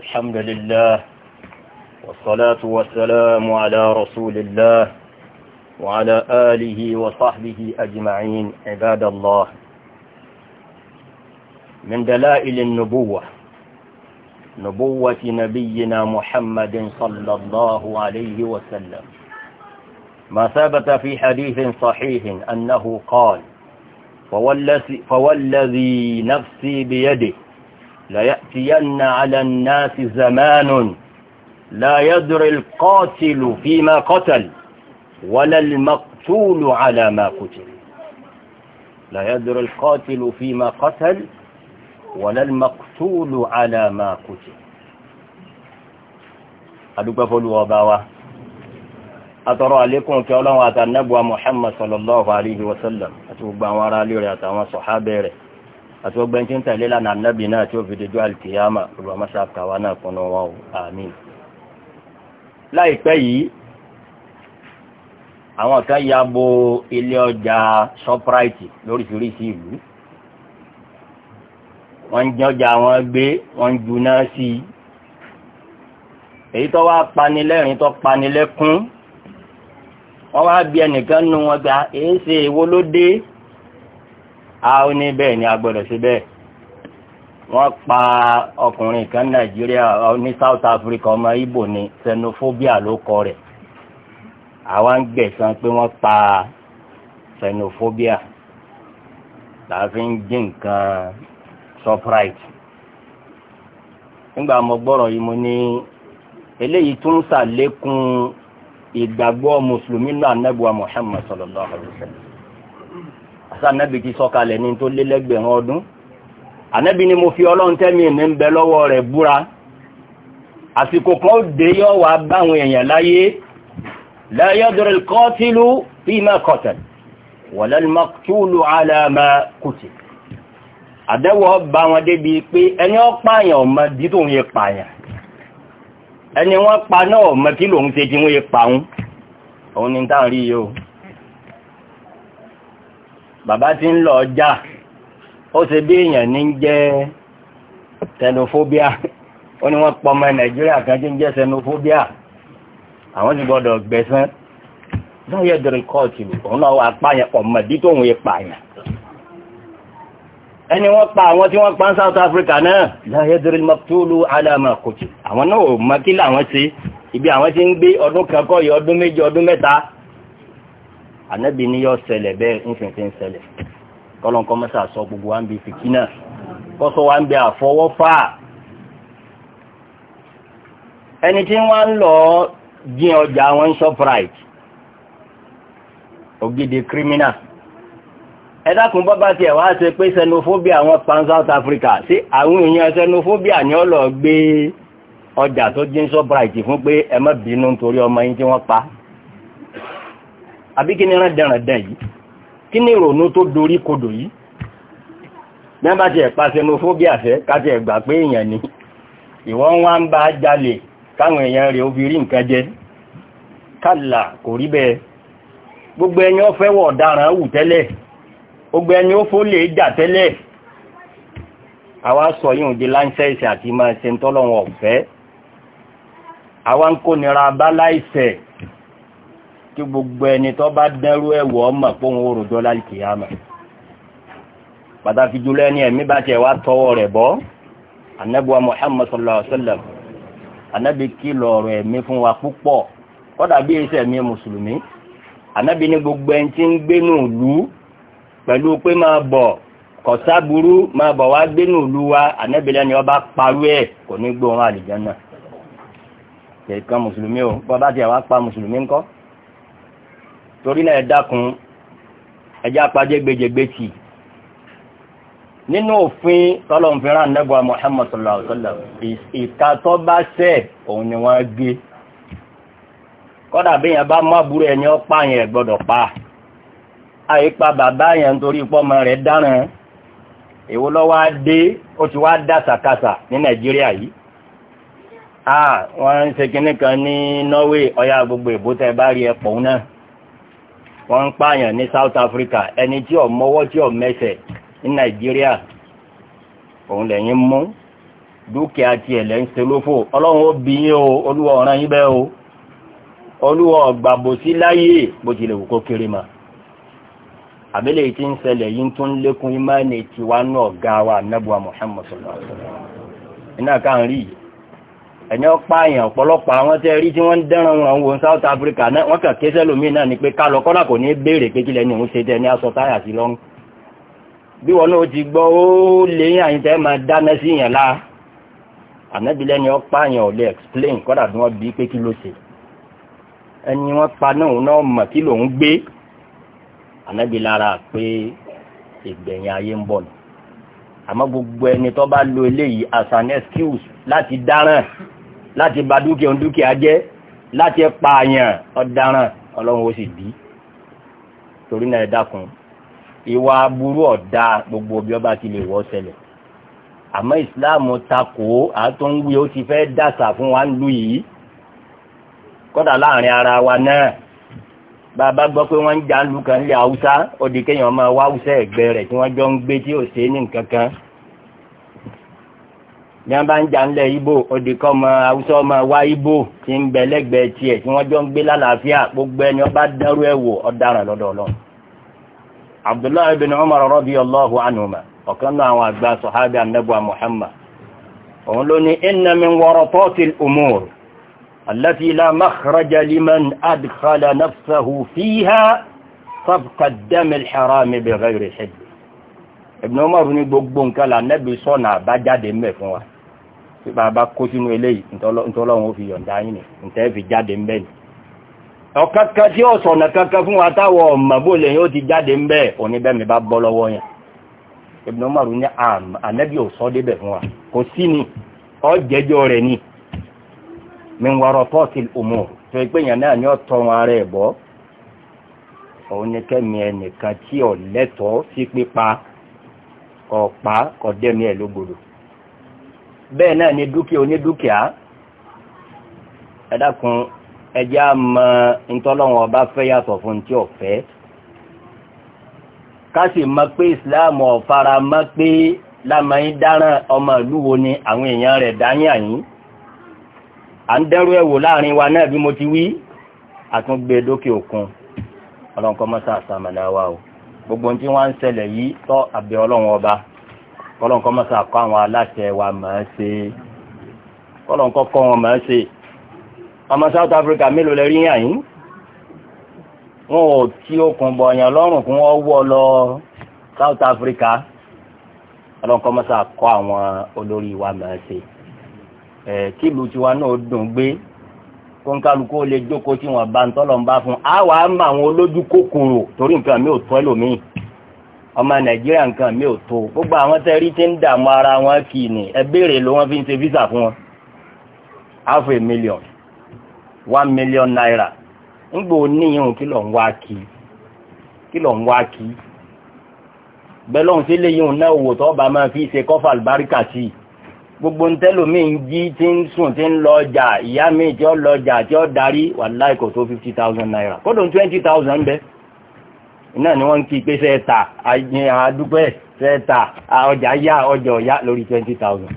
الحمد لله والصلاة والسلام على رسول الله وعلى آله وصحبه أجمعين عباد الله من دلائل النبوة نبوة نبينا محمد صلى الله عليه وسلم ما ثبت في حديث صحيح أنه قال فوالذي نفسي بيده ليأتين على الناس زمان لا يدري القاتل فيما قتل ولا المقتول على ما قتل لا يدري القاتل فيما قتل ولا المقتول على ما قتل أدوكف الوباوة أترى عليكم كأولا وأتنبوى محمد صلى الله عليه وسلم أتوبى وراء لي ريتا وصحابي ريتا àti ọgbẹ́ tí ń tẹ̀lé lánàá nábì náà tí ó fi dojú alkiyama olùwàmọ́sá kàwá náà kúnnú wọn o àmín. láìpẹ́ yìí àwọn kan ya bo ilé ọjà shoprite lóríṣiríṣi ìlú wọ́n ń jẹ́ ọjà wọn gbé wọ́n ń juná sí i èyí tó wá panilẹ́rìn tó panilẹ́kún wọ́n wá bí ẹnìkan nu wọn gba èé ṣe èwo ló dé. a ó ní bẹ́ẹ̀ ni a gbọ́dọ̀ ṣe bẹ́ẹ̀ wọ́n pa ọkùnrin kan nigeria ní South Africa ọmọ ibo ni xenophobia ló kọ rẹ̀ àwa ń gbẹ̀san pé wọ́n pa xenophobia láàfin jí nǹkan surprise nígbà mo gbọ́rọ̀ yìí mo ní eléyìí tún ṣàlékún ìgbàgbọ́ mùsùlùmí náà nẹ́bùwà Muhammad sallallahu sanabi ti sọ̀kalẹ̀ ní tó lé lẹ́gbẹ̀rún ọdún anabi ni mo fi ọlọ́run tẹ́mi ní ń bẹ lọ́wọ́ rẹ̀ búra àsìkò kan dé yọ wà báwọn èèyàn láyé la yadri al-qatilu fima qatal wala àdẹ́wọ̀ bá wọn débi pé ẹni ó pààyàn ọmọ dí tó ń yẹ pààyàn ẹni wọ́n pa náà ọmọ kí lòun ṣe tí wọ́n yẹ pààrún òun ni táà rí yóò bàbá tí ń lọ ọjà ó ṣe bí èèyàn ní jẹ́ xenophobia ó ní wọ́n pọ̀ ọmọ nàìjíríà kan tí ń jẹ́ xenophobia àwọn ti gbọ́dọ̀ gbẹ̀sán láyé dẹ̀rẹ̀ kọ́ọ̀tù òun náà wà pààyàn ọmọ bí tóun yẹ pààyàn ẹni wọ́n pa àwọn tí wọ́n pa ń South Africa náà láyé dẹ̀rẹ̀ mọ́tòlù alama kòtù àwọn náà ò mọ́kílà àwọn ṣe ibi àwọn ti ń gbé ọdún kan kọ́ yìí ọdún méjì ọdún mẹ́ta ànábì ní yọ ṣẹlẹ̀ bẹ́ẹ̀ nfìfì ń ṣẹlẹ̀ kọ́lọ́n kọ́ mẹ́sà sọ gbogbo wa ń bi fìtínà kọ́sọ́ wa ń bi àfọwọ́fà ẹni tí wọ́n ń lọ jin ọjà wọn ń Shoprite ògidì kírímínà ẹ dákun bọ́ bá tiẹ̀ wá ṣe pé xenophobia wọn pan South Africa sí àwọn èèyàn xenophobia ni ó lọ gbé ọjà tó jin Shoprite fún pé ẹ má bínú nítorí ọmọ yín tí wọ́n pa. àbí kí ni rándanrandan yìí kí ni ìrònú tó dorí kodò yìí bẹ́ẹ̀ ti ẹ̀pa xenophobia fẹ́ káti ẹ̀gbà pé èèyàn ni ìwọ́n wá ń bá jalè káwọn èèyàn rẹ̀ ó fi rí nǹkan jẹ kálà kò rí bẹ́ẹ̀ gbogbo ẹni ó fẹ́wọ̀ ọ̀daràn wù tẹ́lẹ̀ gbogbo ẹni ó fólè jà tẹ́lẹ̀ àwa sọ yìí di láńsẹ̀ẹ̀sì àti máa ṣe ń tọ́lọ́wọ̀n ọ̀fẹ́ àwa ń kó nira bá kí gbogbo ẹni tó bá dẹ́rú ẹ̀wọ̀ ọmọ pòun òròjọ́ lálìkìyàmà pàtàkì jùlọ ẹni ẹ̀mí bá tẹ̀ wá tọwọ́ rẹ̀ bọ́ anabi wa muhammad sallallahu alaihi wa sallam anabi kìlọ̀ ọ̀rọ̀ ẹ̀mí fún wa púpọ̀ kọ́dà bí iṣẹ́ ẹ̀mí mùsùlùmí anabi ní gbogbo ẹni tí ń gbénú ìlú pẹ̀lú pé máa bọ̀ kọ̀sá burú máa bọ̀ wá gbénú ìlú wa anabi lẹ́ni ọba parú ẹ̀ kò o bọ́ bá tẹ̀ wá pa mùsùlùmí ńkọ́ torí náà ẹ dákun ẹjá pàjẹ́ gbẹjẹgbẹ tì nínú òfin tọ́lọ̀mfẹ́ràn nẹ́bọ̀ Muhammad sallallahu alaihi wasallam ìka tó bá ṣẹ̀ òun ni wọ́n gé kọ́dà bí yẹn bá mọ́ àbúrò ẹni ọpá yẹn gbọ́dọ̀ pa àìpa bàbá yẹn nítorí pọ́mọ rẹ̀ dáràn èwo lọ́wọ́ dé ó ti wá dá sàkàsà ní Nàìjíríà yìí ah wọ́n ń ṣe kinní kan ní Norway ọya gbogbo ìbótẹ́ bá rí ẹ̀pọ̀ náà wọ́n ń pààyàn ní South Africa ẹni tí ọ mọ́wọ́ tí ọ mẹ́sẹ̀ ní nigeria òun lẹ́yìn mú dúkìá àti lẹ́ ń ṣe lófò ọlọ́run ó bí o olúwa ọ̀ràn yín o olúwa sí láyé bó wù kéré ma tí ń imáni tiwa náà ẹ̀yàn pààyàn ọ̀pọ̀lọpọ̀ àwọn tẹ́ rí tí wọ́n ń dẹ́ran wọn wo South Africa náà wọ́n kàn kéṣẹ́ lómi náà ni pé kálọ kọ́nà kò ní béèrè pé kílẹ̀ ní òun ṣe tẹ́ ní aṣọ táyà sí lọ́rùn bí wọn náà ti gbọ́ ó léyìn àyín tẹ́ máa dáná sí yẹn láà ànábìlẹ̀ ni wọ́n pààyàn ò lè explain kọ́dà bí wọ́n bí pé kí ló ṣe ẹni wọ́n pa náà náà mọ̀ kí lòun gbé ànábìlẹ̀ ara pé ìgbẹ̀yìn ayé excuse láti dáràn láti ba dúkìá dúkìá jẹ́ láti pààyàn ọ̀daràn ọlọ́run ó sì bí torí náà ẹ dákun ìwà aburú ọ̀dá gbogbo bí ọba ti lè wọ́ ṣẹlẹ̀ àmọ́ ìsìláàmù takò àtúnwí ó ti fẹ́ dàsà fún wa ń lú yìí kọ́dà láàrin ara wa náà bàbá gbọ́ pé wọ́n ń jà ń lu kan lé haúsá ó di kéèyàn máa wá haúsá ẹ̀gbẹ́ rẹ̀ tí wọ́n jọ ń gbé tí ò ṣe ní nǹkan kan ní wọn bá ń jà ńlẹ̀ ibo òdì kan ọmọ haúsá ọmọ wa ibo ti ń bẹ lẹ́gbẹ̀ẹ́ tiẹ̀ tí wọ́n jọ ń gbé lálàáfíà gbogbo ẹni ọba dárú ẹ̀ wò ọ̀daràn lọ́dọ̀ ọlọ́run abdullahi bin umar radiyallahu anhuma ọ̀kan náà àwọn àgbà sọ̀hábì anábùa muhammad òun ló ní inna min waratatil umur allati la makhraja ní gbogbo nǹkan la nabi sọ̀nà àbájáde mẹ́ wa tí bàbá kó sínú eléyìí ntọ́lọ́run ó fi yọ̀ǹda yín ni ntẹ́ fi jáde ń bẹ̀ ni. ọ̀kankan tí ó sọ̀nà kankan fún wa táwọn ọ̀mà bó lè yín ó ti jáde ń bẹ̀ òní bẹ́ẹ̀ mi bá bọ́ lọ́wọ́ yẹn. Ibn Umar ní ànábì ò sọ débẹ̀ fún wa kò sí ni ọ jẹjọ rẹ̀ ni. min waratatil umur tó ipé yẹn náà ni ó tọ́ wọn ara ẹ̀ bọ́ òun ní kẹ́mi ẹnìkan tí ọ̀ sí pípa ọ̀pá ọ̀dẹ́mi ẹ̀ lógbòdò bẹ́ẹ̀ náà ni dúkìá onídúkìá ẹ̀dàkùn ẹjẹ́ a mọ ntọ́lọ́wọ́n ọba fẹ́ yàtọ̀ fún tí ò fẹ́ ká sì mọ pé islam ọ̀fara mọ́ pé lámàáyín dáràn ọmọ ìlú wo ni àwọn èèyàn rẹ̀ dáyìn àyín à ń dẹ́rù ẹ̀wò láàrin wa náà bí mo ti wí àtúngbé e dókè òkun ọlọ́nkọ́ mọ́sá àsàmàlà wa o gbogbo ohun tí wọ́n ń ṣẹlẹ̀ yìí tọ́ àbẹ̀ ọlọ́run ọba kọ́lọ́nkọ́ mọ́sá kọ́ àwọn aláṣẹ wa máa ṣe kọ́lọ́nkọ́ kọ́ wọn máa ṣe ọmọ South Africa mélòó lè rí yàn yín wọn ò tí okùn bọ̀yàn lọ́rùn kí wọ́n lọ South Africa kọ́lọ́nkọ́ mọ́sá kọ́ àwọn olórí wa máa ṣe ẹ̀ kí ìlú tiwa náà dùn gbé kó ń kálukú ó lè jókòó tí wọ́n bá ń tọ́lọ̀ ń bá fún un á wàá mọ àwọn olójú kòkòrò torí nǹkan mi ò tọ́ ẹlòmíì ọmọ nàìjíríà nǹkan mi ò tó gbogbo àwọn tẹ́rí tí ń dààmú ara wọn kì í ní ẹ béèrè ló wọ́n fi ń ṣe visa fún wọn half a million one million naira ńgbò níyàn kí ló ń wá kí kí ló ń wá kí bẹ́ẹ̀ lóhùn sí léyìn náà wò tó bá máa fi ṣe kọ́fà àlùbáríkà sí i gbogbo ń tẹ́lò mí ń jí tí ń sùn tí ń lọ ọjà ìyá mi tí ó lọ ọjà tí ó darí wàláì kò tó fifty thousand naira kódò twenty thousand bẹ́ẹ̀ náà ni wọ́n ń kí pé sẹ́ẹ̀ta àdúpẹ́ sẹ́ẹ̀ta ọjà yá ọjà ọ̀yá lórí twenty thousand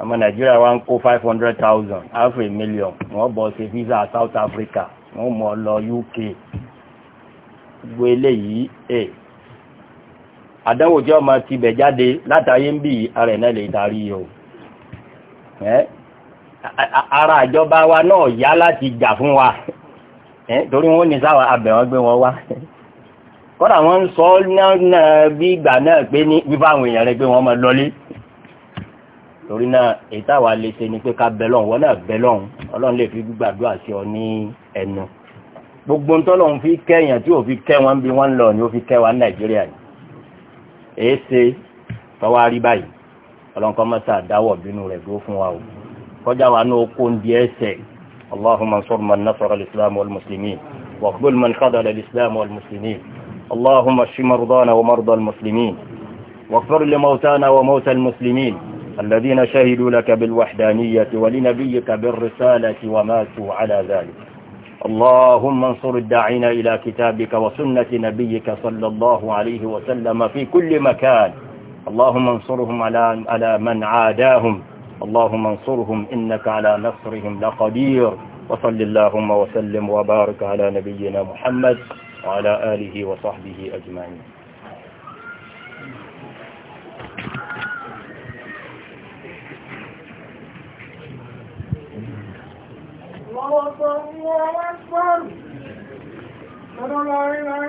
àmọ́ nàìjíríà wa ń kó five hundred thousand half a million wọ́n bọ̀ ṣe visa South Africa wọ́n mọ̀ lọ UK gbogbo eléyìí ẹ̀ eh, àdánwò tí ọmọ ti bẹ̀ jáde látàyé ń bì ara ẹ̀ náà lè darí o eh, ara àjọba wa náà yá láti jà fún wa torí wọ́n ní sáwà abẹ̀ wọn gbé wọn wá kọ́dà wọ́n ń sọ náà bí ìgbà náà pé ní wípé àwọn èèyàn rẹ̀ pé wọ́n máa lọlé torí náà èyí lè ṣe ni pé ká bẹ lọ́hùn wọ́n náà bẹ lọ́hùn ọlọ́run lè fi gbàdúrà sí ọ ní ẹnu gbogbo ń tọ́lọ́hùn fi kẹ́yàn tí ò fi kẹ́ wọn bí wọ́n ń lọ ni ó fi kẹ́ wa ní nàìjíríà yìí èyí ṣe tọ́wá rí báyìí ọlọ́run kọ́ mọ́sá àdáwọ̀ bínú rẹ̀ dúró fún wa o kọjá wa ní okó ń di ẹsẹ̀ اللهم انصر من نصر الإسلام والمسلمين واخذل من خذل الإسلام والمسلمين اللهم اشف مرضانا ومرضى المسلمين واغفر لموتانا وموتى المسلمين الذين شهدوا لك بالوحدانية ولنبيك بالرسالة وماتوا على ذلك اللهم انصر الداعين إلى كتابك وسنة نبيك صلى الله عليه وسلم في كل مكان اللهم انصرهم على على من عاداهم اللهم انصرهم إنك على نصرهم لقدير وصل اللهم وسلم وبارك على نبينا محمد وعلى آله وصحبه أجمعين الله أكبر الله أكبر